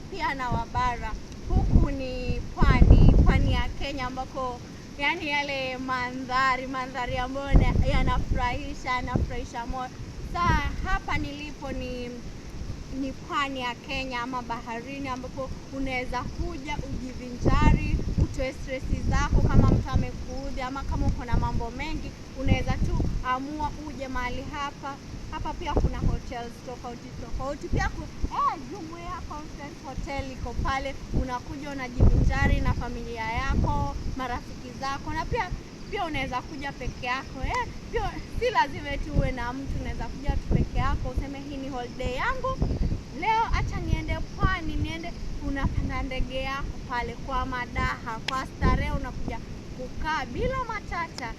pia na Wabara. Huku ni pwani, pwani ya Kenya ambako yani yale mandhari mandhari ambayo yanafurahisha yanafurahisha moyo. saa hapa nilipo ni ni pwani ya Kenya ama baharini, ambapo unaweza kuja ujivinjari, utoe stresi zako, kama mtu amekuudhi ama kama uko na mambo mengi, unaweza tu amua uje mahali hapa. Hapa pia kuna hotels tofauti tofauti, pia eh, jumuiya yako hotel liko pale, unakuja unajivinjari na familia yako, marafiki zako, na pia pia unaweza kuja peke yako eh? Pia si lazima eti uwe na mtu, unaweza kuja tu peke yako, useme hii ni holiday yangu leo, acha niende pwani, niende. Unapanda ndege yako pale kwa madaha, kwa starehe, unakuja kukaa bila matata.